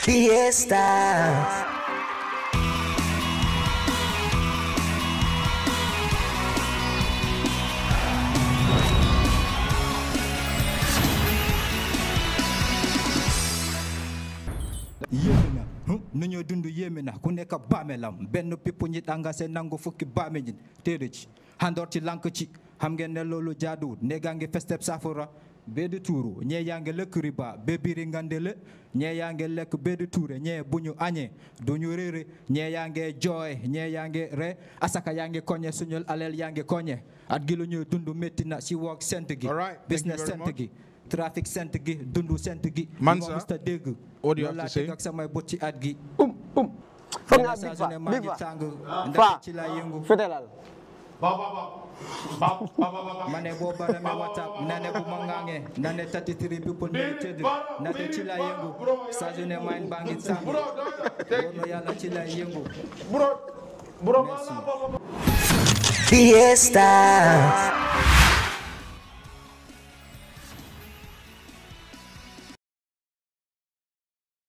fiesta. yemena hm? nu ñoo dund yemena ku nekk melam benn pipp ñit anga seen nangu fukki bàmme ñit téere ci xandoor ci lànk ci xam ngeen ne loolu jaaduwut ndee gaa ngi festeb saafara bee di tuuru ñee yaa ngi lekk riba ba biiri ngandele ñee yaa ngi lekk bee di tuure ñee bu ñu añee du ñu réere ñee yaa ngi jooy ñee yaa ngi re asaka yaa ngi koñe suñu aleel yaa ngi koñe at gi lu ñuy dund métti na si woog sent gi business sent gi trafic sent gi dundu sent gi man sa musta dégg loolu laa samay bët ci at gi um um foog naa big fa big fa ah, fa fetelal mane bo barame whatsapp nane bu mangange nane tati tiri people ne tedri nate chila yengu sajune mind bangi sang bono yala chila yengu bro bro Fiesta.